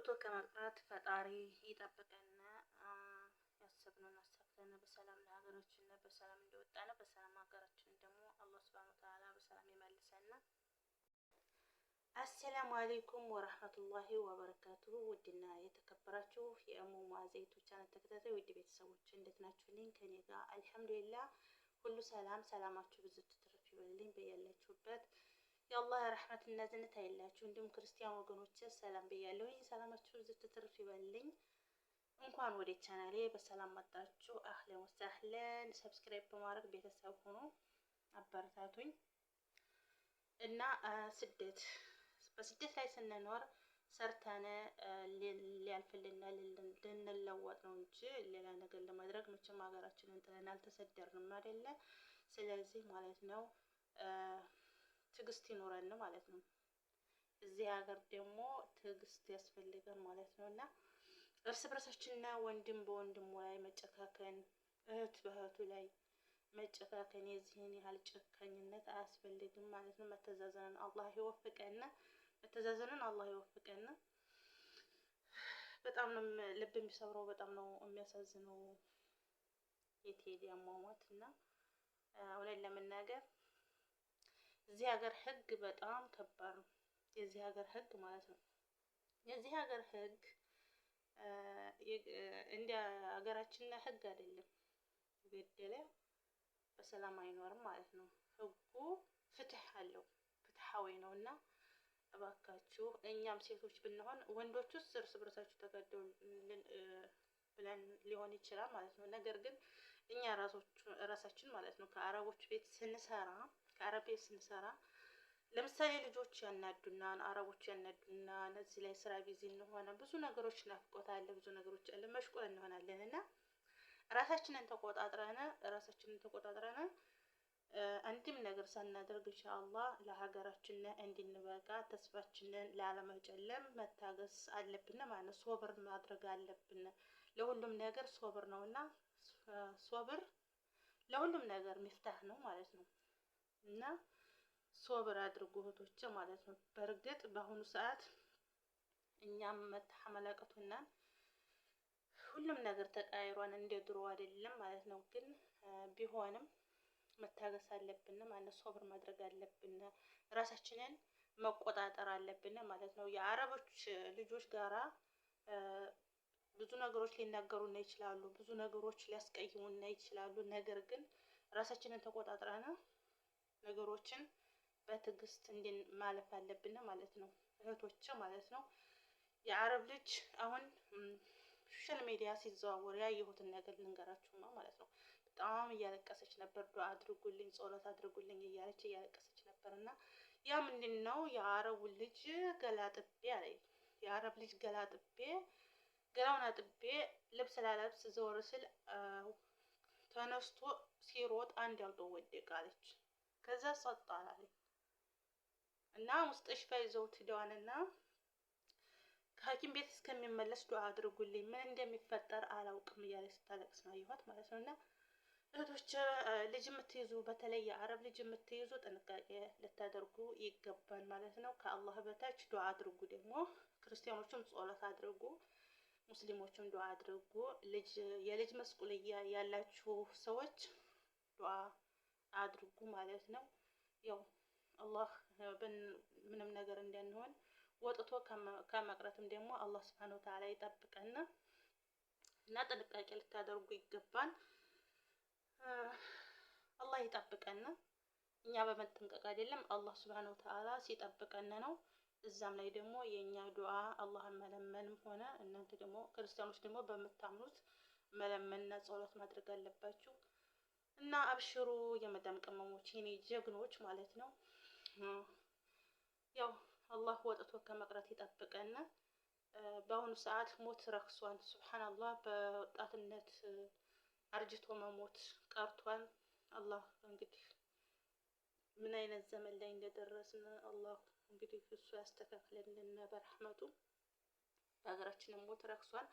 አውጥቶ ከመቅረት ፈጣሪ ይጠብቀና ያሰብነውን አሳክተን በሰላም ለሀገራችን በሰላም እንደወጣን በሰላም ሀገራችን ደግሞ አላህ ሱብሃነሁ ወተዓላ በሰላም ይመልሰና። አሰላሙ አሌይኩም ወረህመቱላሂ ወበረካቱ። ውድና የተከበራችሁ የእሙ ሙአዝ ቻናል ተከታታይ ውድ ቤተሰቦች እንዴት ናችሁልኝ? ከኔ ጋር አልሐምዱሊላህ ሁሉ ሰላም። ሰላማችሁ ብዙ ትትርፍ ይበልልኝ በያላችሁበት የአላህ ረሕመትና ዝነት እንዲሁም ክርስቲያን ወገኖች ሰላም ብያለሁኝ። ሰላማችሁ ዝት ትርፍ ይበልኝ። እንኳን ወደ ቻናሌ በሰላም መጣችሁ። አህለን ወሳህለን። ሰብስክራይብ በማድረግ ቤተሰብ ሆኖ አበረታቱኝ እና ስደት በስደት ላይ ስንኖር ሰርተን ሊያልፍልና ልንለወጥ ነው እንጂ ሌላ ነገር ለማድረግ መቼም ሀገራችንን ጥለን አልተሰደርንም አይደለ? ስለዚህ ማለት ነው ትዕግስት ይኖረን ማለት ነው። እዚህ ሀገር ደግሞ ትዕግስት ያስፈልገን ማለት ነው እና እርስ በርሳችንና ወንድም በወንድሙ ላይ መጨካከን፣ እህት በእህቱ ላይ መጨካከን የዚህን ያህል ጨካኝነት አያስፈልግም ማለት ነው። መተዛዘንን አላህ ይወፍቀና መተዛዘንን አላህ ይወፍቀና። በጣም ነው ልብ የሚሰብረው፣ በጣም ነው የሚያሳዝነው የቴዲ አሟሟት እና እውነት ለመናገር እዚህ ሀገር ህግ በጣም ከባድ ነው። የዚህ ሀገር ህግ ማለት ነው። የዚህ ሀገር ህግ እንደ ሀገራችን ህግ አይደለም። ገደለ በሰላም አይኖርም ማለት ነው። ህጉ ፍትህ አለው፣ ፍትሐዊ ነው እና እባካችሁ እኛም ሴቶች ብንሆን ወንዶች ውስጥ እርስ በርሳችሁ ተገደው ብለን ሊሆን ይችላል ማለት ነው። ነገር ግን እኛ ራሳችን ማለት ነው ከአረቦች ቤት ስንሰራ አረቤ ስንሰራ ለምሳሌ ልጆች ያናዱናን፣ አረቦች ያናዱናን፣ እዚህ ላይ ስራ ቢዚ እንሆነ ብዙ ነገሮች ናፍቆት አለ፣ ብዙ ነገሮች አለ፣ መሽቆል እንሆናለን እና ራሳችንን ተቆጣጥረነ ራሳችንን ተቆጣጥረነ አንድም ነገር ሳናደርግ ኢንሻአላህ ለሀገራችን እንድንበቃ ተስፋችንን ላለመጨለም መታገስ አለብን ማለት ነው። ሶብር ማድረግ አለብን። ለሁሉም ነገር ሶብር ነውና ሶብር ለሁሉም ነገር ሚፍታህ ነው ማለት ነው። እና ሶብር አድርጉ እህቶች ማለት ነው። በእርግጥ በአሁኑ ሰዓት እኛም መታመል ሁሉም ነገር ተቃይሯን እንደ ድሮ አይደለም ማለት ነው። ግን ቢሆንም መታገስ አለብን ማለት ሶብር ማድረግ አለብን። ራሳችንን መቆጣጠር አለብን ማለት ነው። የአረቦች ልጆች ጋራ ብዙ ነገሮች ሊናገሩና ይችላሉ። ብዙ ነገሮች ሊያስቀይሙና ይችላሉ። ነገር ግን ራሳችንን ተቆጣጥረን ነገሮችን በትዕግስት እንድን ማለፍ አለብን ማለት ነው እህቶች ማለት ነው። የአረብ ልጅ አሁን ሶሻል ሚዲያ ሲዘዋወር ያየሁትን ነገር ልንገራችሁ ነው ማለት ነው። በጣም እያለቀሰች ነበር። ዱአ አድርጉልኝ፣ ጸሎት አድርጉልኝ እያለች እያለቀሰች ነበር እና ያ ምንድን ነው የአረቡ ልጅ ገላ ጥቤ አለኝ። የአረብ ልጅ ገላ ጥቤ ገላውን አጥቤ ልብስ ላለብስ ዘወር ስል ተነስቶ ሲሮጥ አንድ አልጦ ወደቃለች። ከዛ ጸጥ አላለኝ እና ሙስጠሽፋ ይዘውት ደዋንና ከሐኪም ቤት እስከሚመለስ ዱዓ አድርጉልኝ፣ ምን እንደሚፈጠር አላውቅም እያለች ስታለቅስ ነው አየኋት ማለት ነው። እና እህቶች ልጅ የምትይዙ በተለይ የአረብ ልጅ የምትይዙ ጥንቃቄ ልታደርጉ ይገባል ማለት ነው። ከአላህ በታች ዱዓ አድርጉ። ደግሞ ክርስቲያኖቹም ጸሎት አድርጉ፣ ሙስሊሞቹም ዱዓ አድርጉ። ልጅ የልጅ መስቁልያ ያላችሁ ሰዎች ዱዓ አድርጉ ማለት ነው። ያው አላህ ምንም ነገር እንዳንሆን ወጥቶ ከመቅረትም ደግሞ አላህ ስብሐነ ወተዓላ ይጠብቀና እና ጥንቃቄ ልታደርጉ ይገባል። አላህ ይጠብቀና እኛ በመጠንቀቅ አይደለም አላህ ስብሐነ ወተዓላ ሲጠብቀን ነው። እዛም ላይ ደግሞ የእኛ ዱዓ አላህን መለመንም ሆነ እናንተ ደግሞ ክርስቲያኖች ደግሞ በምታምኑት መለመንና ጸሎት ማድረግ አለባችሁ። እና አብሽሩ የመዳም ቅመሞች የኔ ጀግኖች ማለት ነው። ያው አላህ ወጥቶ ከመቅረት ይጠብቀን። በአሁኑ ሰዓት ሞት ረክሷን፣ ሱብሓነላህ በወጣትነት አርጅቶ መሞት ቀርቷን። አላህ እንግዲህ ምን አይነት ዘመን ላይ እንደደረስን አላህ እንግዲህ እሱ ያስተካክልልን በረህመቱ። በሀገራችንም ሞት ረክሷን።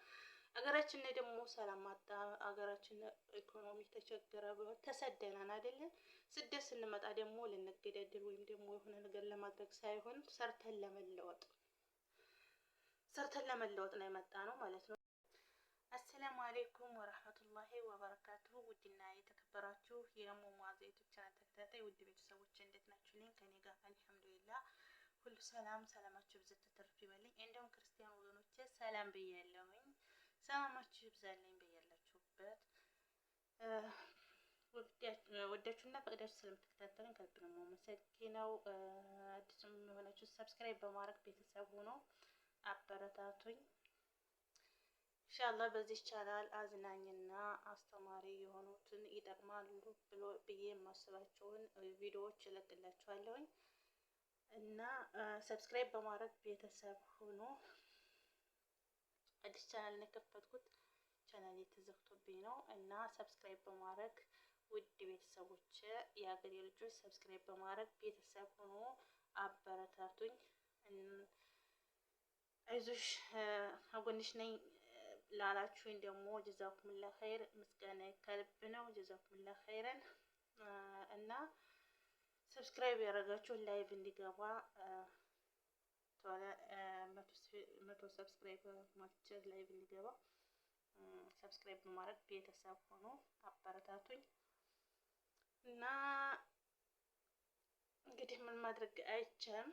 ሀገራችን ላይ ደግሞ ሰላም ማጣ፣ ሀገራችን ኢኮኖሚ ተቸገረ፣ ተሰደናን አይደለም። ስደት ስንመጣ ደግሞ ልንገዳደል ወይም ደግሞ የሆነ ነገር ለማድረግ ሳይሆን ሰርተን ለመለወጥ ሰርተን ለመለወጥ ነው የመጣ ነው ማለት ነው። አሰላሙ አሌይኩም ወረህመቱላሂ ወበረካቱ። ውድና የተከበራችሁ የሙሟዘ ዩቱብ ቻናል ተከታታይ ውድ ቤተሰቦች እንዴት ናችሁ? እኔ ከኔ ጋር አልሐምዱሊላህ ሁሉ ሰላም፣ ሰላማችሁ ብዝት ትርፍ ይበልኝ። እንዲሁም ክርስቲያን ወገኖቼ ሰላም ብያለሁኝ። ሰላማችሁ ይብዛልኝ በያላችሁበት። ወዳችሁና ፈቅዳችሁ ስለምትከታተሉኝ ከልብ ነው የማመሰግነው። አዲሱም የሆናችሁ ሰብስክራይብ በማድረግ ቤተሰብ ሆኖ አበረታቱኝ። ኢንሻላህ በዚህ ቻናል አዝናኝና አስተማሪ የሆኑትን ይጠቅማሉ ብሎ ብዬ የማስባቸውን ቪዲዮዎች እለቅላችኋለሁኝ እና ሰብስክራይብ በማድረግ ቤተሰብ ሆኖ አዲስ ቻናል የከፈትኩት ቻናል የተዘግቶብኝ ነው እና ሰብስክራይብ በማድረግ ውድ ቤተሰቦች የሀገሬ ልጆች ሰብስክራይብ በማድረግ ቤተሰብ ሆኖ አበረታቱኝ። አይዞሽ አጎንሽ ነኝ ላላችሁኝ ደግሞ ጀዛኩምላ ኸይር ምስጋና ከልብ ነው። ጀዛኩምላ ኸይረን እና ሰብስክራይብ ያደረጋችሁ ላይቭ እንዲገባ መቶ ሰብስክራይብ ማቸር ላይቭ እንዲገባ ሰብስክራይብ በማድረግ ቤተሰብ ሆኖ አበረታቱኝ እና እንግዲህ ምን ማድረግ አይቻልም።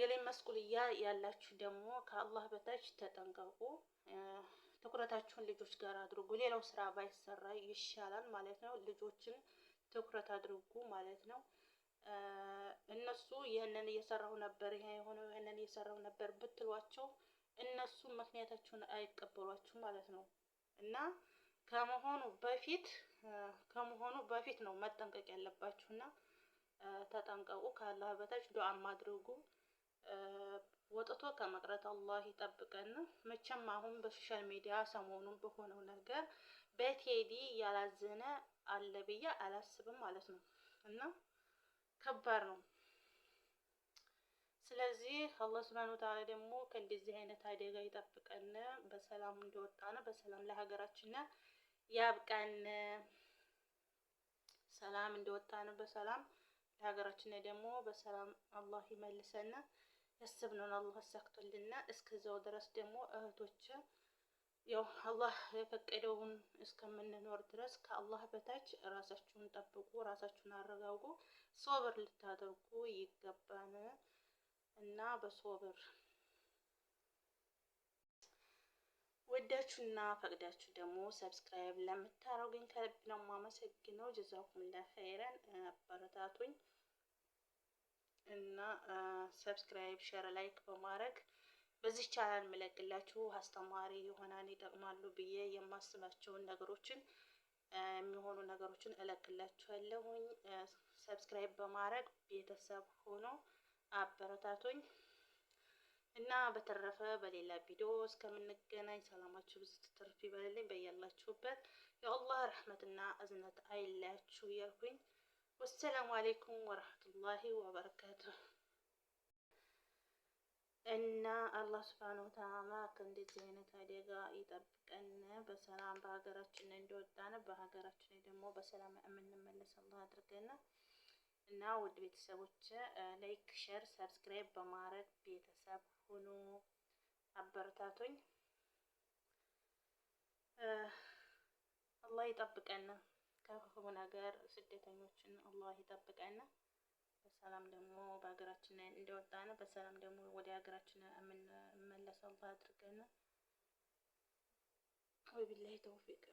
የላይ መስኩልያ ያላችሁ ደግሞ ከአላህ በታች ተጠንቀቁ። ትኩረታችሁን ልጆች ጋር አድርጉ። ሌላው ስራ ባይሰራ ይሻላል ማለት ነው። ልጆችን ትኩረት አድርጉ ማለት ነው። እነሱ ይህንን እየሰራሁ ነበር ይሄ የሆነው ይህንን እየሰራሁ ነበር ብትሏቸው እነሱ ምክንያታችሁን አይቀበሏችሁ ማለት ነው። እና ከመሆኑ በፊት ከመሆኑ በፊት ነው መጠንቀቅ ያለባችሁ እና ተጠንቀቁ። ከአላህ በታች ዱዓም አድርጉ። ወጥቶ ከመቅረት አላህ ይጠብቀን። መቼም አሁን በሶሻል ሚዲያ ሰሞኑን በሆነው ነገር በቴዲ ያላዘነ አለ ብዬ አላስብም ማለት ነው እና ከባድ ነው። ስለዚህ አላህ ሱብሃነሁ ወተዓላ ደግሞ ከእንደዚህ አይነት አደጋ ይጠብቀን፣ በሰላም እንደወጣን በሰላም ለሀገራችን ያብቃን። ሰላም እንደወጣን በሰላም ለሀገራችን ደግሞ በሰላም አላህ ይመልሰን። ያስብነውን አላህ አሳክቶልና እስከዛው ድረስ ደግሞ እህቶች ያው አላህ የፈቀደውን እስከምንኖር ድረስ ከአላህ በታች ራሳችሁን ጠብቁ፣ ራሳችሁን አረጋጉ። ሶብር ልታደርጉ ይገባል እና በሶብር ወዳችሁና ፈቅዳችሁ ደግሞ ሰብስክራይብ ለምታረጉኝ ከልብ ነው የማመሰግነው። ጀዛኩምላ ኸይረን አበረታቱኝ እና ሰብስክራይብ ሸር ላይክ በማድረግ በዚህ ቻናል የምለቅላችሁ አስተማሪ ይሆናል ይጠቅማሉ ብዬ የማስባቸውን ነገሮችን የሚሆኑ ነገሮችን እለቅላችኋለሁኝ። ሰብስክራይብ በማድረግ ቤተሰብ ሆኖ አበረታቱኝ እና በተረፈ በሌላ ቪዲዮ እስከምንገናኝ ሰላማችሁ ብዙ ትርፍ ይበልልኝ። በያላችሁበት የአላህ ረህመትና እዝነት አይለያችሁ ያልኩኝ ወሰላሙ አሌይኩም ወረህመቱላሂ ወበረካቱሁ። እና አላህ ስብሃነ ወተዓላ ከእንደዚህ አይነት አደጋ ይጠብቀን። በሰላም በሀገራችን እንደወጣን በሀገራችን ደግሞ በሰላም የምንመለስ አላህ አድርገን። እና ውድ ቤተሰቦች ላይክ፣ ሸር፣ ሰብስክራይብ በማድረግ ቤተሰብ ሁኑ፣ አበረታቱኝ። አላህ ይጠብቀን ከክፉ ነገር፣ ስደተኞችን አላህ ይጠብቀን። በሰላም ደግሞ በሀገራችን ነው በሰላም ደግሞ ወደ ሀገራችን የምንመለሰው አድርገን ወቢላሂ ተውፊቅ